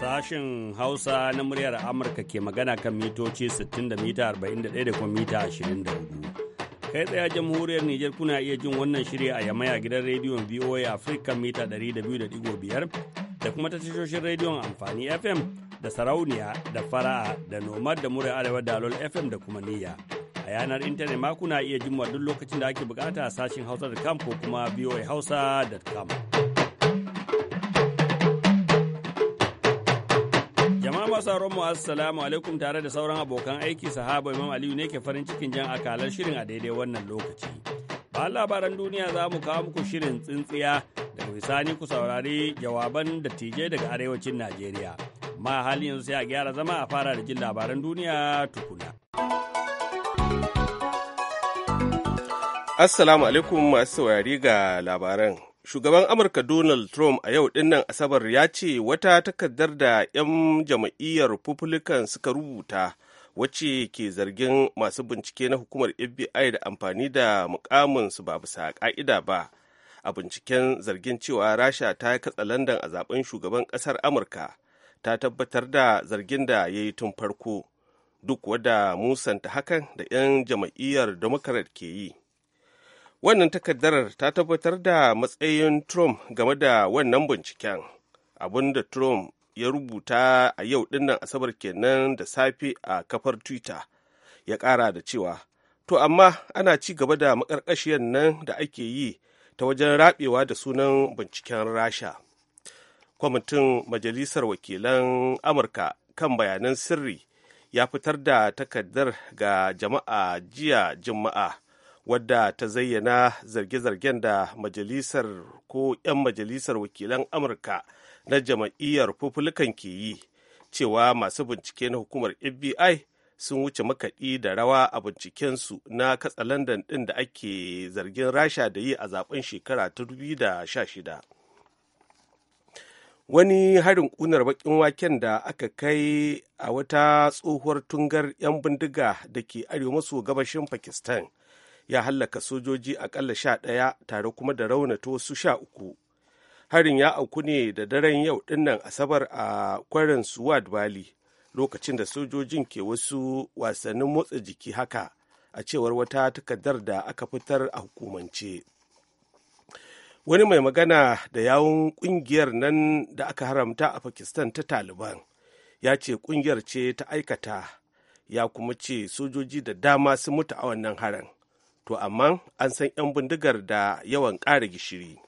Sashen Hausa na muryar Amurka ke magana kan mitoci 60 da mita 41 da kuma mita 24. Kai tsaye jamhuriyar Nijar kuna iya jin wannan shirya a yamaya gidan rediyon VOA Africa mita 200.5 da kuma ta tashoshin rediyon amfani FM da sarauniya da Fara da nomad da muryar arewa dalol FM da kuma niyya. yanar intanet ma kuna iya jimwa duk lokacin da ake bukata a sashin hausa.com ko kuma voahausa.com. Jama'a masu mu assalamu alaikum tare da sauran abokan aiki sahaba Imam Aliyu ne ke farin cikin jan akalar shirin a daidai wannan lokaci. Ba labaran duniya za mu kawo muku shirin tsintsiya daga bisani ku saurari jawaban dattijai daga arewacin Najeriya. Ma halin yanzu sai a gyara zama a fara da jin labaran duniya tukuna. Assalamu alaikum masu saurari ga labaran. Shugaban Amurka Donald Trump a yau dinnan Asabar ya ce wata takardar da 'yan jam'iyyar Republican suka rubuta wacce ke zargin masu bincike na hukumar FBI da amfani da mukaminsu ba bisa ka'ida ba a binciken zargin cewa Rasha ta katsa London a zaben shugaban ƙasar Amurka ta tabbatar da zargin da ya yi tun farko duk wadda musanta hakan da 'yan jam'iyyar Democrat ke yi. wannan takardar ta tabbatar da matsayin trump game da wannan binciken abinda trump ya rubuta a yau dinnan asabar kenan da safe a kafar twitter ya kara da cewa to amma ana ci gaba da makarkashiyar nan da ake yi ta wajen rabewa da sunan binciken rasha kwamitin majalisar wakilan amurka kan bayanan sirri ya fitar da takardar ga jama'a jiya juma'a wadda ta zayyana zarge-zargen da majalisar ko 'yan majalisar wakilan amurka na jama'iyyar Fufulukan ke yi cewa masu bincike na hukumar fbi sun wuce makaɗi da rawa a bincikensu na katsa london ɗin da ake zargin rasha da yi a zaben shekara ta shida wani harin kunar baƙin waken da aka kai a wata tsohuwar tungar 'yan bindiga da ke arewa maso gabashin pakistan ya hallaka sojoji akalla sha ɗaya tare kuma da raunata wasu sha uku harin ya auku ne da daren yau dinnan asabar a kwarin suwad bali lokacin da sojojin ke wasu wasannin motsa jiki haka a cewar wata takardar da aka fitar a hukumance wani mai magana da yawun kungiyar nan da aka haramta a pakistan ta taliban ya ce kungiyar ce ta aikata ya kuma ce sojoji da dama sun mutu a wannan harin to amma an san 'yan bindigar da yawan ƙara gishiri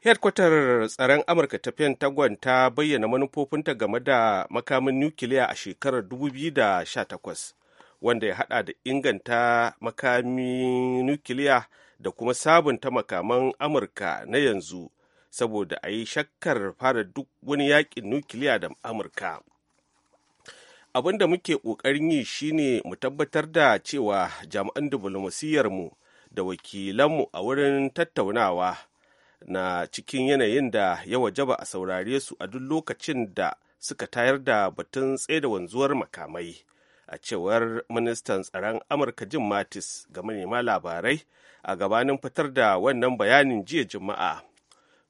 Headkwatar tsaron Amurka ta Pentagon ta bayyana manufofinta game da makamin nukiliya a shekarar 2018 wanda ya hada da inganta makamin nukiliya da kuma sabunta makaman Amurka na yanzu saboda a yi shakkar fara duk wani yakin nukiliya da Amurka. abin da muke ƙoƙarin yi shine mu tabbatar da cewa jami'an mu da wakilanmu a wurin tattaunawa na cikin yanayin da ya wajaba a saurare su a duk lokacin da suka tayar da batun tsaye da wanzuwar makamai a cewar ministan tsaron amurka jim mattis ga manema labarai a gabanin fitar da wannan bayanin jiya juma'a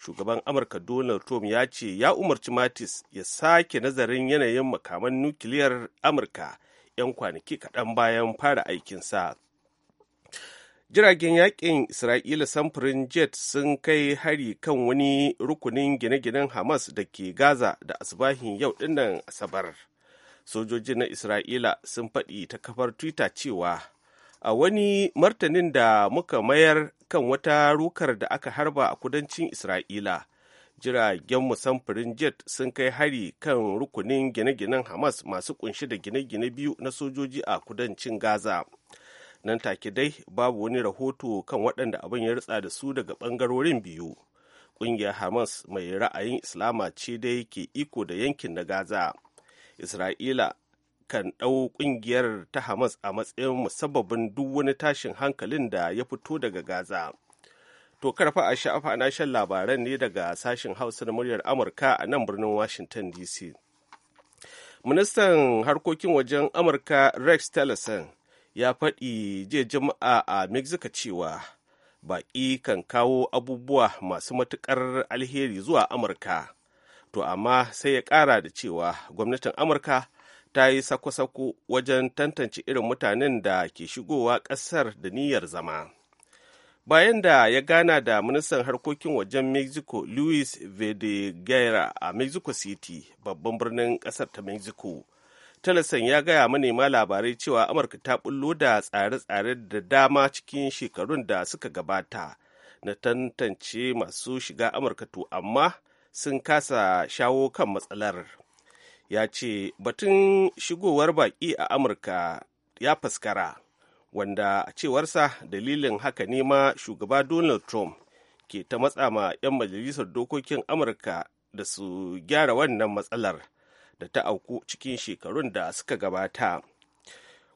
shugaban amurka donald trump ya ce ya umarci mattis ya sake nazarin yanayin makaman nukiliyar amurka 'yan kwanaki kaɗan bayan fara aikinsa jiragen yakin isra'ila samfurin jet sun kai hari kan wani rukunin gine-ginen hamas da ke gaza da asibahin yau dinnan asabar sojoji na isra'ila sun faɗi ta kafar twitter cewa a wani martanin da muka mayar kan wata rukar da aka harba a kudancin isra'ila jiragen musamfurin jet sun kai hari kan rukunin gine-ginen hamas masu kunshi da gine-gine biyu na sojoji a kudancin gaza nan take dai babu wani rahoto kan waɗanda abin ya ritsa da su daga ɓangarorin biyu ƙungiyar hamas mai ra'ayin islama ce dai ke iko da yankin na gaza isra'ila kan ɗau ƙungiyar ta Hamas a matsayin musabbabin duk wani tashin hankalin da ya fito daga Gaza. To karfa a sha'afa na shan labaran ne daga sashen Hausa na muryar Amurka a nan birnin Washington DC. Ministan harkokin wajen Amurka Rex Tillerson ya faɗi jiya jama'a a Mexico cewa baƙi kan kawo abubuwa masu matuƙar alheri zuwa Amurka. To amma sai ya ƙara da cewa gwamnatin Amurka ta yi sako-sako wajen tantance irin mutanen da ke shigowa ƙasar da niyyar zama. Bayan da ya gana da ministan harkokin wajen Mexico Luis vedegera a Mexico City, babban birnin ƙasar ta Mexico. Tillerson ya gaya manema labarai cewa Amurka ta bullo da tsare-tsare da dama cikin shekarun da suka gabata na tantance masu shiga Amurka to amma sun kasa shawo kan matsalar ya ce batun shigowar baƙi a amurka ya faskara wanda a cewarsa dalilin haka ne ma shugaba donald trump ke ta matsa ma 'yan majalisar dokokin amurka da su gyara wannan matsalar da ta auku cikin shekarun da suka gabata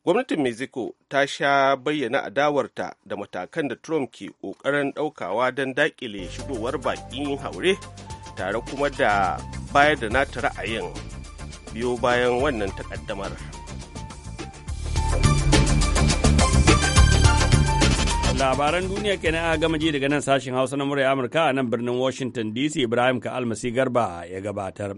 gwamnatin mexico ta sha bayyana adawarta da matakan da trump ke ƙoƙarin ɗaukawa don daƙile shigowar baƙin haure tare kuma da bayar da nata ra'ayin biyo bayan wannan takaddamar. Labaran duniya kenan a gama ji daga nan sashen Hausa na murya Amurka a nan birnin Washington DC Ibrahim ka almasi garba ya gabatar.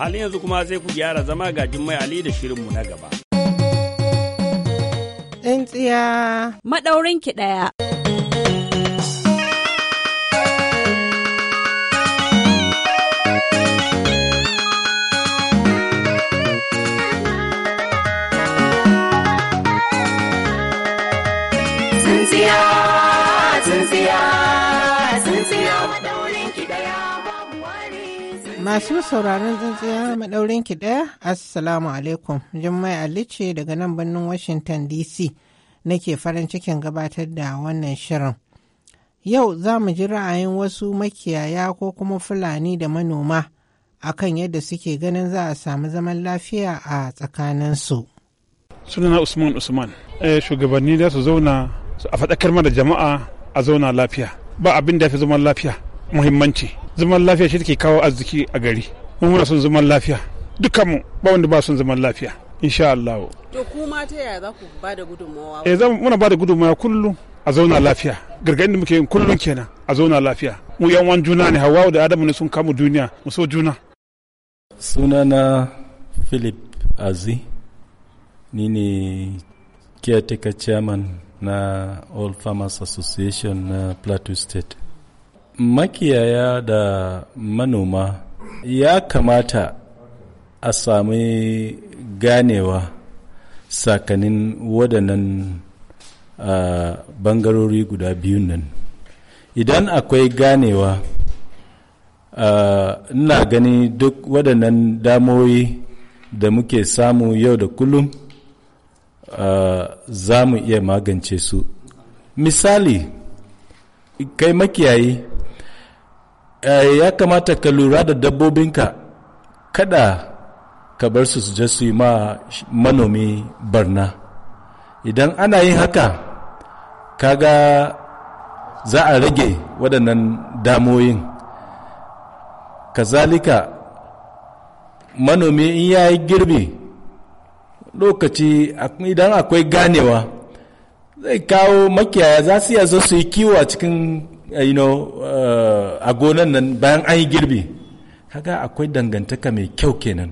halin yanzu kuma sai ku gyara zama ga Jummai Ali da shirinmu na gaba. Tsintsiya. Maɗaurin ki ɗaya. masu sauraron tsintsiya madaurin ki daya assalamu alaikum jummai alice daga nan birnin washington dc nake farin cikin gabatar da wannan shirin yau za mu ji ra'ayin wasu makiyaya ko kuma fulani da manoma akan yadda suke ganin za a samu zaman lafiya a tsakaninsu. sunana usman usman eh, shugabanni za su zauna a faɗakar mana jama'a a zauna lafiya ba abin da ya fi zaman lafiya muhimmanci zaman lafiya shi take kawo arziki a gari mun muna son zaman lafiya dukkanmu ba wanda ba son zaman lafiya insha Allah to kuma ta yaya za ku ba da gudunmawa eh zamu muna ba da gudunmawa kullum a zauna lafiya gargadin da muke yin kullum kenan a zauna lafiya mu yan wan juna ne hawa da adamu ne sun kama duniya mu so juna sunana philip azi ni ne caretaker chairman na All Farmers Association na Plateau State. Makiyaya da manoma ya kamata a sami ganewa sakanin waɗannan ɓangarori bangarori guda biyun nan. Idan akwai ganewa ina gani duk waɗannan damoyi da muke samu yau da kullum Eh, za mu iya magance su misali kai makiyayi eh, ya kamata ka lura da dabbobinka kada ka bar su su je su yi ma manomi barna idan ana yin haka kaga za a rage waɗannan damoyin kazalika manomi in ya yi girbi lokaci idan akwai ganewa zai kawo makiyaya za su iya zo su yi kiwo a cikin eh, you eh, a gonan nan bayan an yi girbi haka akwai dangantaka mai kyau kenan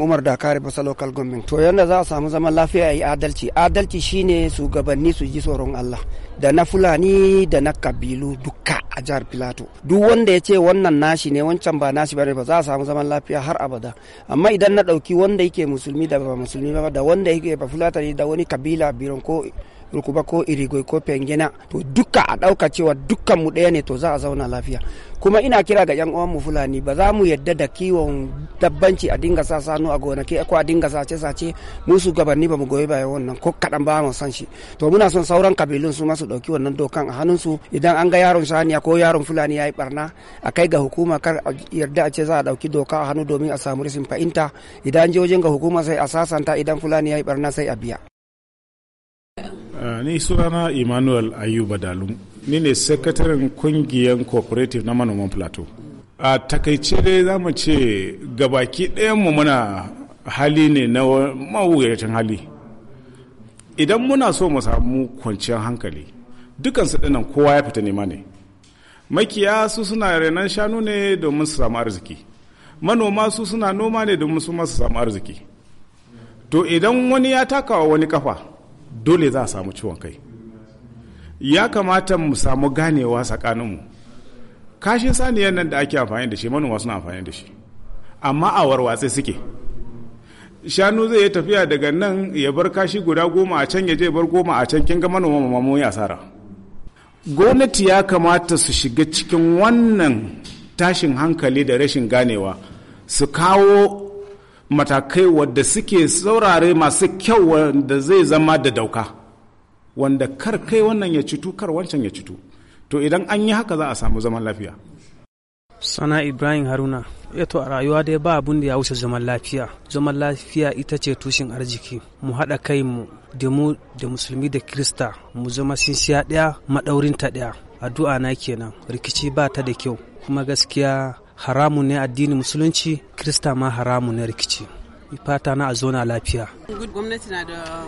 Umar Dakari Basa Local Government. To yadda za a samu zaman lafiya yi adalci. Adalci shine shugabanni su ji tsoron Allah. Da na Fulani da na kabilu duka a jihar Filato. Duk wanda ya ce wannan nashi ne wancan ba nashi bane ba za a samu zaman lafiya har abada. Amma idan na ɗauki wanda yake musulmi da ba musulmi ba da wanda yake ba Fulatani da wani kabila biron ko kurkuba ko irigoi ko pengena to duka a ɗauka cewa dukkan mu ɗaya ne to za a zauna lafiya kuma ina kira ga yan uwan mu fulani ba za mu yadda da kiwon dabbanci a dinga sa sanu a gonaki ko a dinga sace sace mu su gabanni ba mu goyi ba wannan ko kadan ba mu san shi to muna son sauran kabilun su ma su ɗauki wannan dokan a hannun su idan an ga yaron saniya ko yaron fulani yayi barna a kai ga hukuma kar a yarda a ce za a dauki doka a hannu domin a samu risin fainta idan je ga hukuma sai a sasanta idan fulani yayi barna sai a biya Eh, ni sunana emmanuel ayuba dalum ni ne sakataren kungiyar cooperative na manoman plateau a takaice dai za mu ce gabaki mu muna hali ne na mawuyacin hali idan muna so mu samu kwanciyar hankali dukansu dinan kowa ya fita nema ne makiya su suna renan shanu ne domin su samu arziki manoma su suna noma ne domin su samu arziki to idan wani ya takawa wani kafa dole za a samu ciwon kai ya kamata mu samu ganewa tsakaninmu kashin saniyar nan da ake amfani da shi manoma suna amfani da shi amma a warwatse suke shanu zai yi tafiya daga nan ya bar kashi guda goma a can ya je bar goma a can kin ga manoma ma mamamoyi asara gwamnati ya kamata su shiga cikin wannan tashin hankali da rashin ganewa su kawo matakai wadda suke saurare masu kyau wanda zai zama da dauka wanda kar kai wannan ya cutu kar wancan ya cutu to idan an yi haka za a samu zaman lafiya sana ibrahim haruna eto a rayuwa dai ba abun da ya wuce zaman lafiya zaman lafiya ita ce tushen arziki mu haɗa kai mu da mu da musulmi da krista mu zama sinsiya ɗaya maɗaurinta ɗaya addu'a na kenan rikici ba ta da kyau kuma gaskiya haramun ne addinin musulunci krista ma haramun ne rikici fata na a zona lafiya gwamnati na da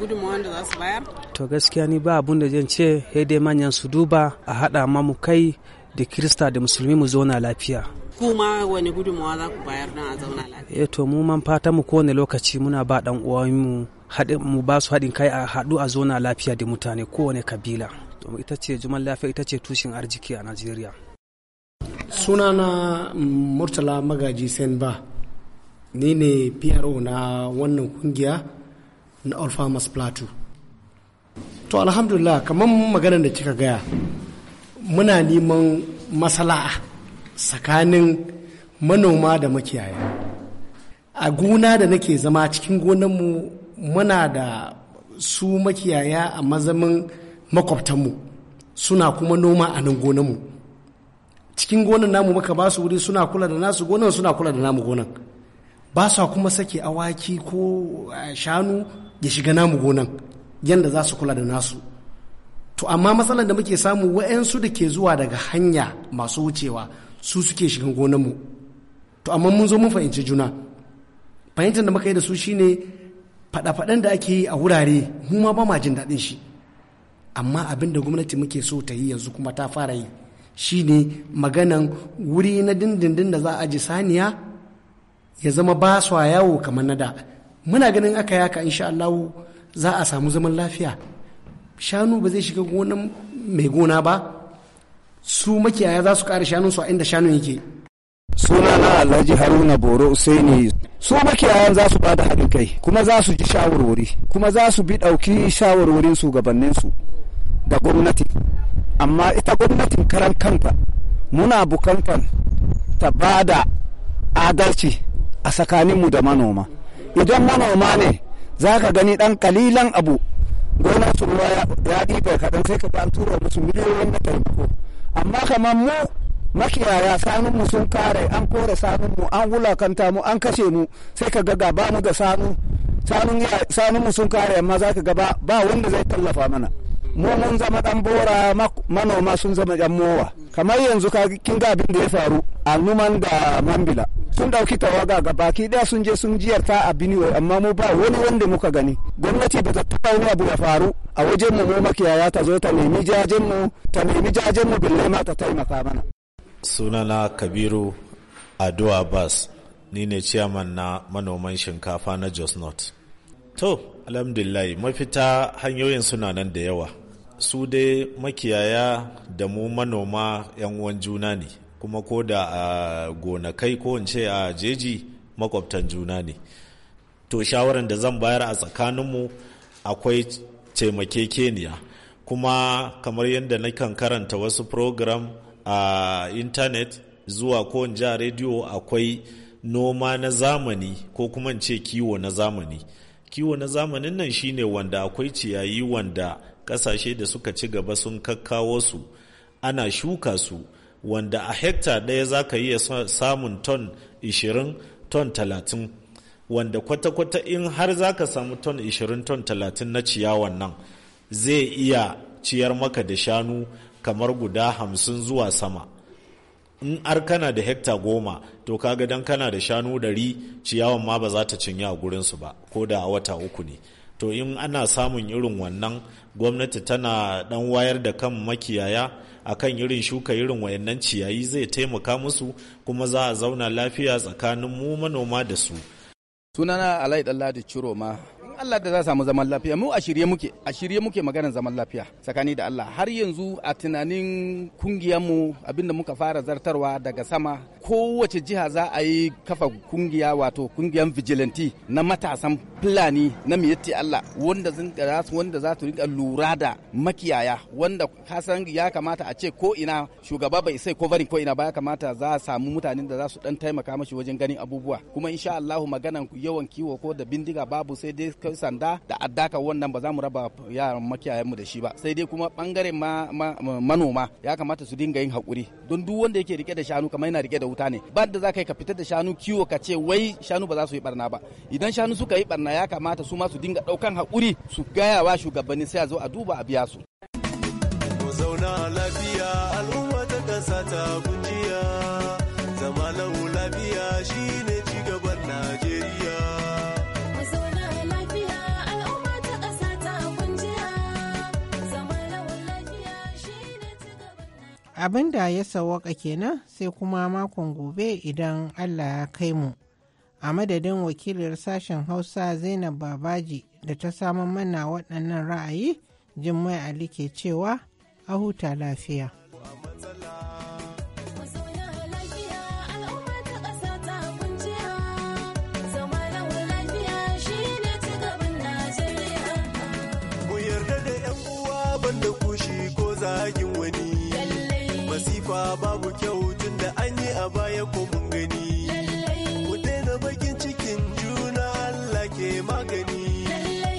gudunmawar da za su bayar to gaskiya ni ba abun da zan ce dai manyan su duba a haɗa mu kai da krista da musulmi mu zona lafiya kuma wani gudunmawa za ku bayar don a zauna lafiya eh to mu man fata mu kowane lokaci muna ba dan uwanmu mu ba su haɗin kai a haɗu a zona lafiya da mutane kowane kabila ita ce juman lafiya ita ce tushen arziki a najeriya sunana murtala magaji sanba ni ne pro na wannan kungiya na alfamas plateau to alhamdulillah kamar maganar da kika gaya muna neman masala'a tsakanin manoma da makiyaya a gona da nake zama cikin gonanmu muna da su makiyaya a mazamin makwabtanmu suna kuma noma a nan gonanmu cikin gonan namu muka ba su wuri suna kula da nasu gonan suna kula da namu gonan ba sa kuma sake awaki ko eh, shanu ya shiga namu gonan yadda za su kula da nasu to amma matsalar da muke samu wa'yansu da ke zuwa daga hanya masu wucewa su suke shigan gonanmu to amma mun zo mun fahimci juna fahimtar da muka yi da su shine faɗa-faɗan da ake yi a wurare mu ma ba ma jin daɗin shi amma abin da gwamnati muke so ta yi yanzu kuma ta fara yi shi ne maganan wuri na dindindin da za a ji saniya ya zama ba su yawo kamar na da muna ganin aka yaka in Allah za a samu zaman lafiya shanu ba zai shiga gonan mai gona ba su makiyaya za su kare su a inda shanun yake suna na alhaji haruna boro usaini su makiyayan za su bada haɗin kai kuma za su ji shawarwari kuma za su bi ɗauki shawarwarin su da gwamnati amma ita gwamnatin karan kanta muna bukantar ta ba da adalci a tsakaninmu da manoma idan manoma ne za ka gani dan kalilan abu gona su ruwa ya ɗiba kaɗan sai ka an tura musu miliyoyin na taimako amma kamar mu makiyaya sanunmu sun kare an kore sanunmu an wulakanta mu an kashe mu sai ka ga ba mu da sanu sanunmu sun kare amma za ka gaba ba wanda zai tallafa mana mu mun zama dan bora manoma sun zama yan mowa kamar yanzu ka kin ga abin da ya faru a numan da mambila sun dauki tawaga ga baki daya sun je sun jiyarta a biniwe amma mu ba wani wanda muka gani gwamnati ba ta taba wani abu ya faru a wajen mu mu makiyaya ta zo ta nemi jajen mu ta nemi jajen mu bille ma ta taimaka mana sunana kabiru ado abbas ni ne ciyaman na manoman shinkafa na jos not to alhamdulillah mafita hanyoyin suna nan da yawa su dai makiyaya da mu manoma 'yan uwan juna ne kuma ko da a gonakai ko ce a jeji makwabtan juna ne to shawaran da zan bayar a tsakaninmu akwai taimakekeniya kuma kamar yadda na kan karanta wasu program a intanet zuwa ko in ja rediyo akwai noma na zamani ko kuma in ce kiwo na zamani kiwo na zamanin nan shine wanda akwai ciyayi wanda kasashe da suka ci gaba sun kakkawo su ana shuka su wanda a hekta ɗaya za ka iya samun ton 20 ton 30 wanda kwata-kwata in har za ka samu ton 20 ton 30 na ciyawan nan zai iya ciyar maka da shanu kamar guda hamsin zuwa sama in har kana da hekta goma to kaga dan kana da shanu 100 ciyawan ma ba za ta cinya a gurinsu ba ko da a wata uku ne to in ana samun irin wannan gwamnati tana dan wayar da kan makiyaya akan irin shuka irin wayannan ciyayi zai taimaka musu kuma za a zauna lafiya tsakanin mu manoma da su sunana alai da ciroma in Allah da za samu zaman lafiya mu a shirye muke a shirye muke maganar zaman lafiya tsakani da Allah har yanzu a tunanin kungiyarmu abinda muka fara zartarwa daga sama kowace jiha za a yi kafa kungiya wato kungiyar vigilante na matasan fulani na miyatti Allah wanda wanda za su rinka lura da makiyaya wanda kasan ya kamata a ce ko ina shugaba bai sai covering ko ina ba ya kamata za a samu mutanen da za su dan taimaka mashi wajen ganin abubuwa kuma insha Allah maganan yawan kiwo ko da bindiga babu sai dai sanda da addaka wannan ba za mu raba yaran makiyayan mu da shi ba sai dai kuma bangaren manoma ya kamata su dinga yin hakuri don duk wanda yake rike da shanu kamar yana rike da wuta ne ba da za ka ka fitar da shanu kiwo ka ce wai shanu ba za su yi barna ba idan shanu suka yi barna ya kamata su ma su dinga daukan hakuri su gaya wa shugabanni sai a zo a duba a biya su. Zauna lafiya al'umma abin da ya sawaka kenan sai kuma makon gobe idan allah ya kai mu a madadin wakilar sashen hausa zainab babaji da ta samun mana waɗannan ra'ayi jin mai ali ke cewa a huta lafiya. masifa babu kyau tun da an yi a baya ko mun gani ku daina bakin cikin juna Allah ke magani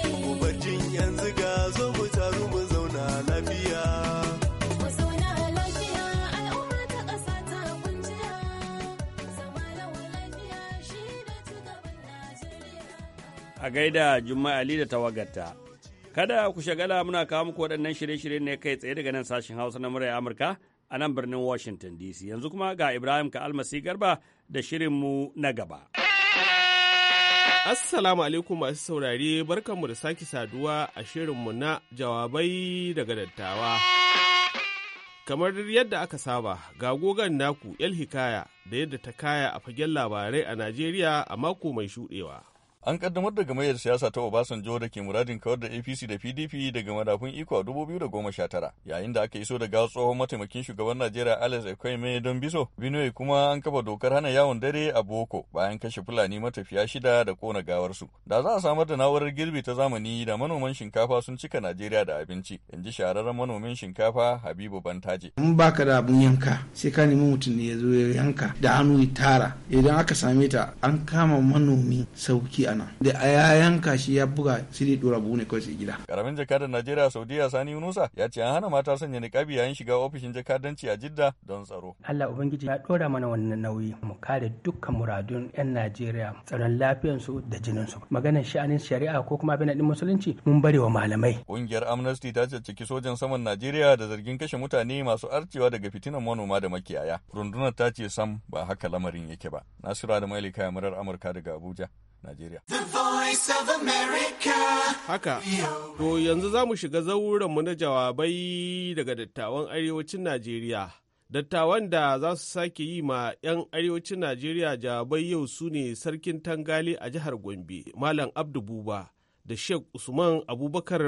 ku bar jin yanzu ga zo mu taru mu zauna lafiya a gaida Juma'a Ali da tawagarta. Kada ku shagala muna kawo muku waɗannan shirye-shirye ne kai tsaye daga nan sashen Hausa na murai Amurka a nan birnin Washington DC. Yanzu kuma ga Ibrahim ka almasi garba da shirinmu na gaba. Assalamu alaikum masu saurare barkanmu da sake saduwa a shirinmu na jawabai daga dattawa. Kamar yadda aka saba, ga gogon naku El Hikaya da yadda ta kaya a fagen labarai a Najeriya a mako mai shuɗewa. An kaddamar da gamayyar siyasa ta Obasanjo da ke muradin kawar da APC da PDP daga madafun iko a 2019 yayin da aka iso daga tsohon mataimakin shugaban Najeriya Alex mai don biso. Binoye kuma an kafa dokar hana yawon dare a Boko bayan kashe Fulani matafiya shida da kona gawarsu. Da za a samar da na'urar girbi ta zamani da manoman shinkafa sun cika Najeriya da abinci, in ji shahararren manomin shinkafa Habibu Bantaje. In baka da abun yanka sai ka nemi mutum ne ya zo ya yanka da hannu tara idan aka same ta an kama manomi sauki a china da a ya yanka shi ya buga shi dora buhu ne kawai sai gida karamin jakadan najeriya saudiya sani yunusa ya ce an hana mata sanya niqabi yayin shiga ofishin jakadanci a jidda don tsaro allah ubangiji ya dora mana wannan nauyi mu kare dukkan muradun yan najeriya tsaron lafiyar su da jininsu maganar sha'anin shari'a ko kuma abin din musulunci mun bari wa malamai kungiyar amnesty ta ciki sojan saman najeriya da zargin kashe mutane masu arcewa daga fitinan manoma da makiyaya rundunar ta ce sam ba haka lamarin yake ba nasira da mailika murar amurka daga abuja Najeriya. Haka, to yanzu za mu shiga zauranmu na jawabai daga dattawan arewacin Najeriya. Dattawan da za su sake yi ma 'yan arewacin Najeriya jawabai yau su ne Sarkin Tangali a jihar Gombe, Malam Abdu da Sheikh Usman Abubakar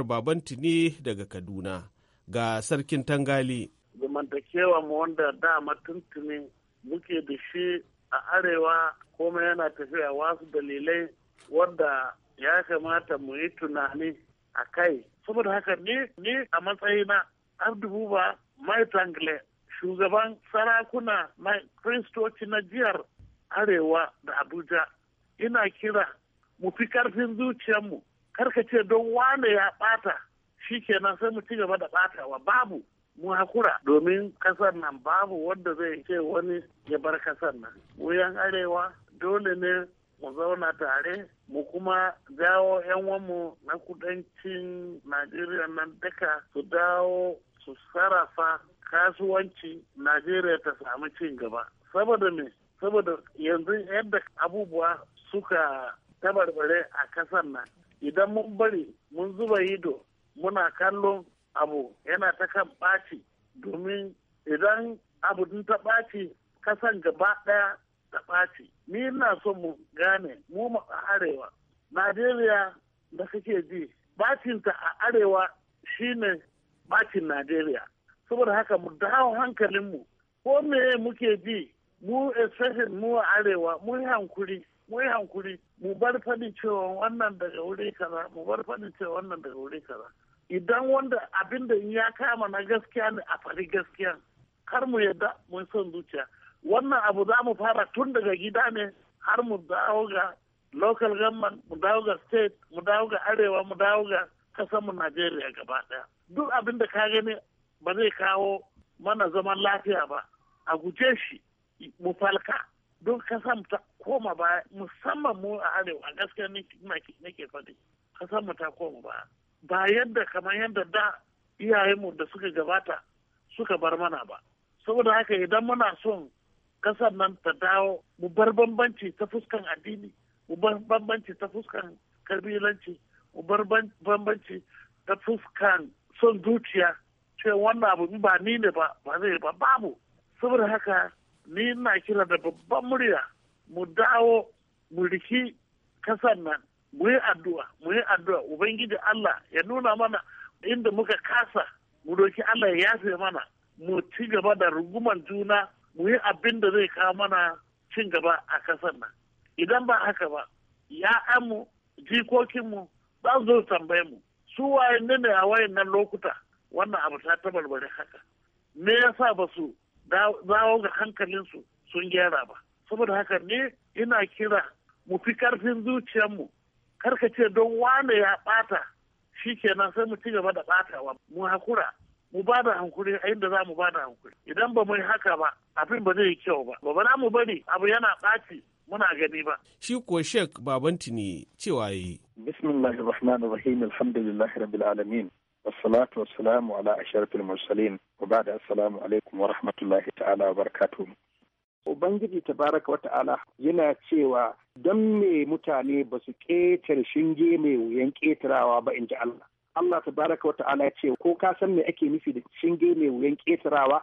ne daga Kaduna. Ga Sarkin Tangali. Zamantakewa mu wanda da matuntunin muke da shi a arewa komai yana tafiya wasu dalilai wadda ya kamata mu yi tunani a kai saboda haka ni ni a matsayina ba mai tangle shugaban sarakuna na kristoci na jihar arewa da abuja ina kira mu fi karfin zuciyarmu karkace don wane ya bata kenan sai mu ci gaba da batawa babu mu hakura domin kasar nan babu wanda zai ce wani ya bar kasar nan wuyan arewa dole ne mu zauna tare mu kuma jawo 'yan mu na kudancin najeriya nan duka su dawo su sarrafa kasuwanci najeriya ta samu cin gaba saboda me saboda yanzu yadda abubuwa suka tabarbare a kasar nan idan mun bari mun zuba ido muna kallon abu yana ta kan ɓaci domin idan abu din ta ɓaci kasan gaba ɗaya ta ɓaci ni na so mu gane mu arewa najeriya da kake ji bacinta a arewa shine ɓacin najeriya saboda haka mu dawo hankalinmu ko me muke ji mu especially mu a arewa mu yi hankuri mu yi hankuri mu bar faɗi cewa wannan daga wuri kaza mu bar faɗi cewa wannan daga wuri kaza idan wanda abin da ya kama na gaskiya ne a fari gaskiya kar mu yadda mun son zuciya wannan abu za mu fara tun daga gida ne har mu dawo ga local government mu dawo ga state mu dawo ga arewa mu dawo ga kasanmu najeriya gaba ɗaya duk abin da ka gani ba zai kawo mana zaman lafiya ba a guje shi mu falka don kasan ta koma baya musamman mu a arewa gaskiya nake faɗi kasan mu ta koma baya ba yadda kamar yadda da iyayenmu da suka gabata suka bar mana ba saboda haka idan muna son kasar nan ta dawo mu bar bambanci ta fuskan addini mu bar bambanci ta fuskan kabilanci mu bar bambanci ta fuskan son zuciya ce wannan abu ba ni ne ba ba zai ba babu saboda haka ni na kira da babban murya mu dawo mu riki kasar nan mu yi addu'a mu yi addu'a ubangiji Allah ya nuna mana inda muka kasa mu doki Allah ya yafe mana mu ci gaba da ruguman juna mu yi abin da zai kawo mana cin gaba a kasar nan idan ba haka ba ya'yanmu jikokinmu za su zo tambaye mu su waye ne ne a wayan nan lokuta wannan abu ta tabarbare haka me yasa ba su dawo ga hankalinsu sun gyara ba saboda haka ne ina kira mu fi karfin zuciyarmu karka ce don wane ya bata shi kenan sai mu ci gaba da batawa mu hakura mu ba da hankuri a inda za mu ba da hankuri idan ba mu yi haka ba abin ba zai yi kyau ba ba za mu bari abu yana ɓaci muna gani ba. Shi kuwa shek Babanti ne cewa yi. Bismillahir Rahmanir Rahim Alhamdulillahi Rabbil Alamin. Wassalatu wassalamu ala asharfil mursalin wa ba'da assalamu alaikum wa rahmatullahi ta'ala wa barakatuh. Ubangiji tabaraka wa ta'ala yana cewa don me mutane ba su ƙetare shinge mai wuyan ƙetarawa ba in ji Allah. Allah tabaraka wa ta'ala ya ce ko ka san me ake nufi da shinge mai wuyan ƙetarawa?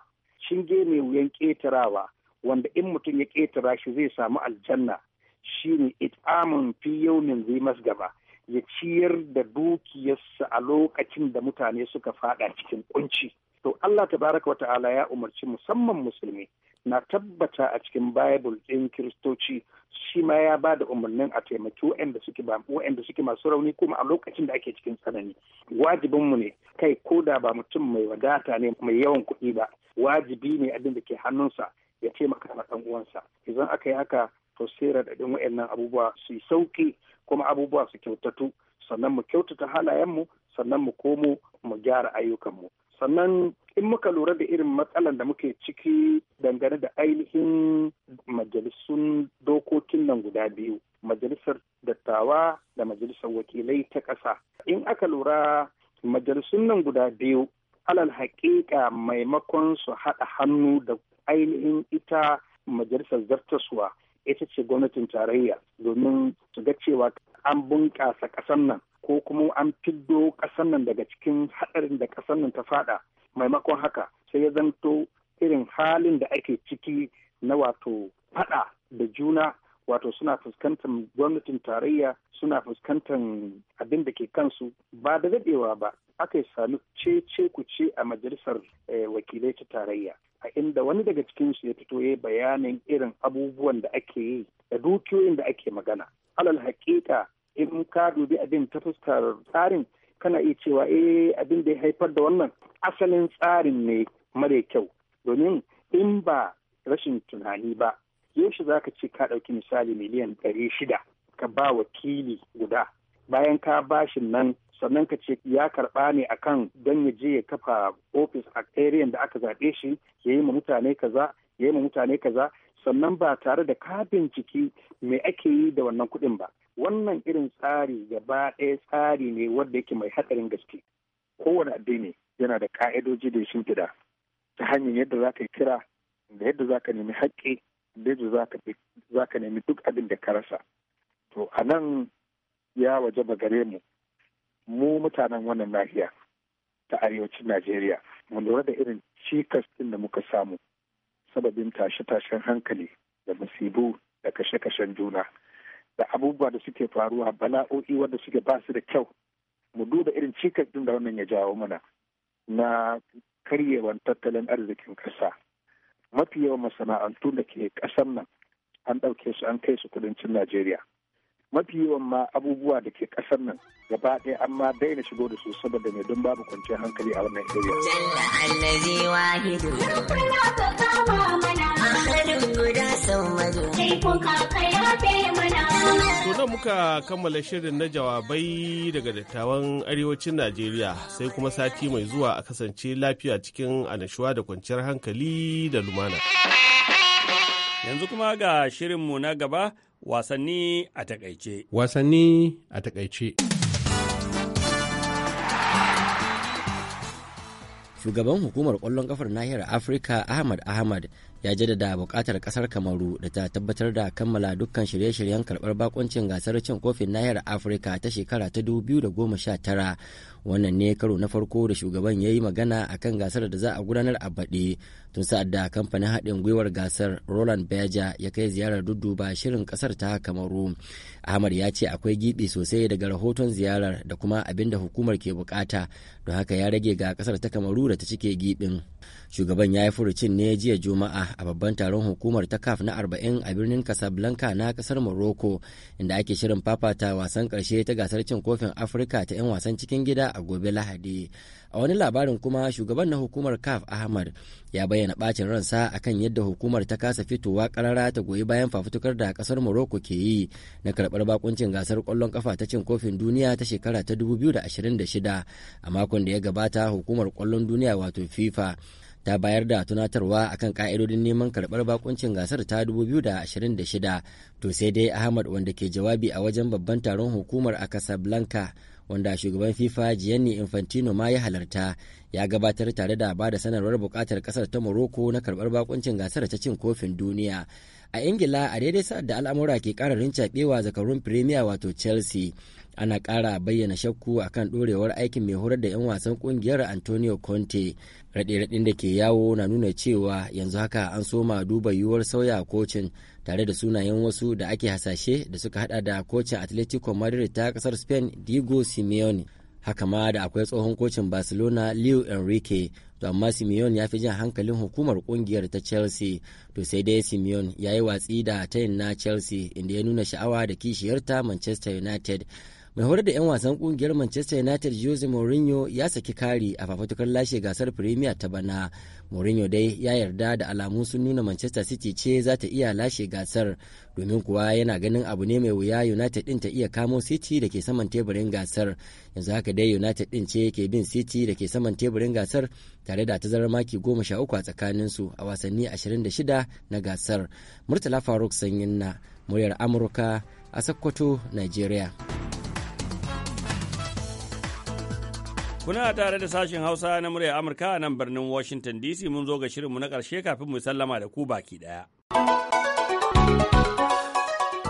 Shinge mai wuyan ƙetarawa wanda in mutum ya ƙetara shi zai samu aljanna Shi shine it'amun fi min zai gaba ya ciyar da dukiyarsa a lokacin da mutane suka fada cikin kunci. To Allah tabaraka wa ta'ala ya umarci musamman musulmi na tabbata a cikin bible ɗin kiristoci shi ma ya ba da umarnin a taimaki waɗanda suke ba masu rauni kuma a lokacin da ake cikin tsanani wajibinmu ne kai ko da ba mutum mai wadata ne mai yawan kuɗi ba wajibi ne abin da ke hannunsa ya taimaka ma ɗan uwansa idan aka yi haka to sai raɗaɗin wa'annan abubuwa su yi sauƙi kuma abubuwa su kyautatu sannan mu kyautata halayenmu sannan mu komo mu gyara ayyukanmu sannan in muka lura da irin matsalar da muke ciki dangane da ainihin majalisun dokokin nan guda biyu majalisar dattawa da majalisar wakilai ta ƙasa in aka lura majalisun nan guda biyu alal haƙiƙa maimakon su haɗa hannu da ainihin ita majalisar zartaswa ita ce gwamnatin tarayya domin su ga cewa an bunƙasa ƙasar nan ko kuma an fiddo ƙasar nan daga cikin haɗarin da ƙasar nan ta faɗa maimakon haka sai ya zanto irin halin da ake ciki na wato faɗa da juna wato suna fuskantar gwamnatin tarayya suna fuskantar abin da ke kansu ba da daɗewa ba aka sami ce ku ce a majalisar eh, wakilai ta tarayya a inda wani daga cikin su ya fito ya bayanin irin abubuwan da ake yi da dukiyoyin da ake magana alal hakika in ka dubi abin ta fuskar tsarin kana iya cewa eh abin da ya haifar da wannan asalin tsarin ne mare kyau domin in ba rashin tunani ba yaushe za ka ce ka ɗauki misali miliyan ɗari shida ka ba wakili guda bayan ka bashin nan sannan ka ce ya karɓa ne akan don ya je ya kafa ofis a area da aka zaɓe shi ya yi ma mutane kaza ya yi ma mutane kaza sannan ba tare da kafin ciki me ake yi da wannan kuɗin ba wannan irin tsari gaba ɗaya tsari ne wanda yake mai hatsarin gaske kowane addini yana da ka'idoji da gida ta hanyar yadda za ka yi kira da yadda za ka nemi haƙƙi da yadda za ka nemi duk abin da ka rasa to a nan ya waje gare mu mu mutanen wannan nahiya ta arewacin najeriya mu lura da irin cikas ɗin da muka samu sababin tashe-tashen hankali da musibu da kashe-kashen juna da abubuwa da suke faruwa bala'o'i wanda suke ba su da kyau mu duba irin cikas ɗin da wannan ya jawo mana na karyewan tattalin arzikin ƙasa mafi yawan masana'antu da ke ƙasar nan an ɗauke su an kai su kudancin najeriya mafi yawan ma abubuwa da ke kasar nan gaba ɗaya an ma daina shigo da su saboda mai don babu kwanciyar hankali a wannan iri. To muka kammala shirin na jawabai daga dattawan arewacin Najeriya sai kuma sati mai zuwa a kasance lafiya cikin anashuwa da kwanciyar hankali da lumana. Yanzu kuma ga shirinmu na gaba wasanni a takaice. Wasanni a takaice. Shugaban hukumar ƙwallon kafar nahiyar Afirka Ahmad Ahmad ya jaddada bukatar ƙasar kamaru da ta tabbatar da kammala dukkan shirye-shiryen karbar bakuncin gasar cin kofin nahiyar afirka ta shekara ta 2019 wannan ne karo na farko da shugaban ya yi magana a kan gasar da za a gudanar a baɗe tun sa'ad da kamfanin haɗin gwiwar gasar roland beja ya kai ziyarar dudduba shirin kasar ta kamaru ahmad ya ce akwai gibi sosai daga rahoton ziyarar da kuma abin da hukumar ke bukata don haka ya rage ga ƙasar ta kamaru da ta cike gibin shugaban ya yi furucin ne jiya juma'a a babban taron hukumar ta CAF na 40 a birnin Casablanca na kasar Morocco inda ake shirin fafata wasan karshe ta gasar cin kofin Afirka ta 'yan wasan cikin gida a gobe Lahadi. A wani labarin kuma shugaban na hukumar CAF Ahmad ya bayyana bacin ransa akan yadda hukumar ta kasa fitowa karara ta goyi bayan fafutukar da kasar Morocco ke yi na karɓar bakuncin gasar kwallon kafa ta cin kofin duniya ta shekara ta 2026 a makon da ya gabata hukumar kwallon duniya wato FIFA ta bayar da tunatarwa akan ka'idodin neman karɓar bakuncin gasar ta 2026 to sai dai ahmad wanda ke jawabi a wajen babban taron hukumar a casablanca wanda shugaban fifa gianni infantino ma ya halarta ya gabatar tare da ba da sanarwar buƙatar ƙasar ta morocco na karɓar bakuncin gasar ta cin kofin duniya a ingila a daidai sa'ad da al'amura ke ƙara rincaɓewa zakarun premier wato chelsea ana ƙara bayyana shakku a kan ɗorewar aikin mai horar da 'yan wasan ƙungiyar antonio conte raɗe-raɗin da ke yawo na nuna cewa yanzu haka an soma duba yiwuwar sauya kocin tare da sunayen wasu da ake hasashe da suka hada da kocin atletico madrid ta ƙasar spain diego simeone haka ma da akwai tsohon kocin barcelona leo enrique to amma simeon ya fi jan hankalin hukumar kungiyar ta chelsea to sai dai simeon ya yi watsi da tayin na chelsea inda ya nuna sha'awa da kishiyarta manchester united mai horar da 'yan wasan kungiyar manchester united jose mourinho ya saki kari a fafatukar lashe gasar premier ta bana mourinho dai ya yarda da alamu sun nuna manchester city ce za ta iya lashe gasar domin kuwa yana ganin abu ne mai wuya united din ta iya kamo city da ke saman teburin gasar yanzu haka dai united din ce ke bin city da ke saman teburin gasar tare da tazarar maki goma sha uku a tsakaninsu a wasanni 26 na gasar murtala faruk sanyin na muryar amurka a sokoto nigeria Kuna tare da sashen Hausa na murya Amurka a nan birnin Washington DC mun zo ga shirinmu na ƙarshe kafin mu sallama da ku baki ɗaya.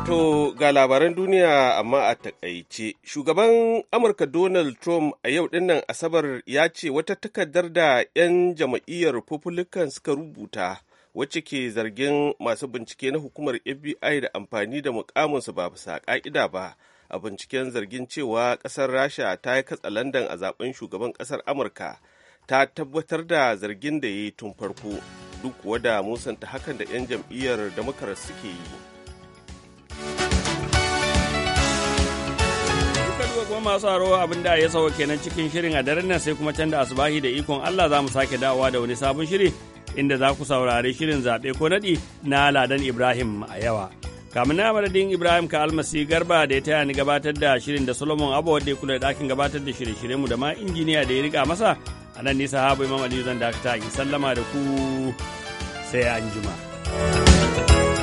To ga labaran duniya amma a takaice, shugaban Amurka Donald Trump a yau dinnan Asabar ya ce wata takardar da 'yan jama'iyyar Republican suka rubuta wacce ke zargin masu bincike na hukumar FBI da amfani da muƙaminsu ba bisa ƙa'ida ba. a binciken zargin cewa ƙasar rasha ta yi katsalandan a zaben shugaban ƙasar amurka ta tabbatar da zargin da ya yi tun farko duk kuwa musanta hakan da 'yan jam'iyyar damakarar suke yi kuma masu haro abin da ya sauwa kenan cikin shirin a daren nan sai kuma can da asubahi da ikon Allah za mu sake dawowa da wani sabon shiri inda za ku saurari shirin zaɓe ko naɗi na Ladan Ibrahim a yawa. kamun na madadin ibrahim ka almasi garba da ya taya ni gabatar da shirin da solomon abu wadda ya kula da ɗakin gabatar da shirye-shirye mu da ma injiniya da ya riga masa a nan nisa habu imam aliyu zan dakata in sallama da ku sai anjima. jima.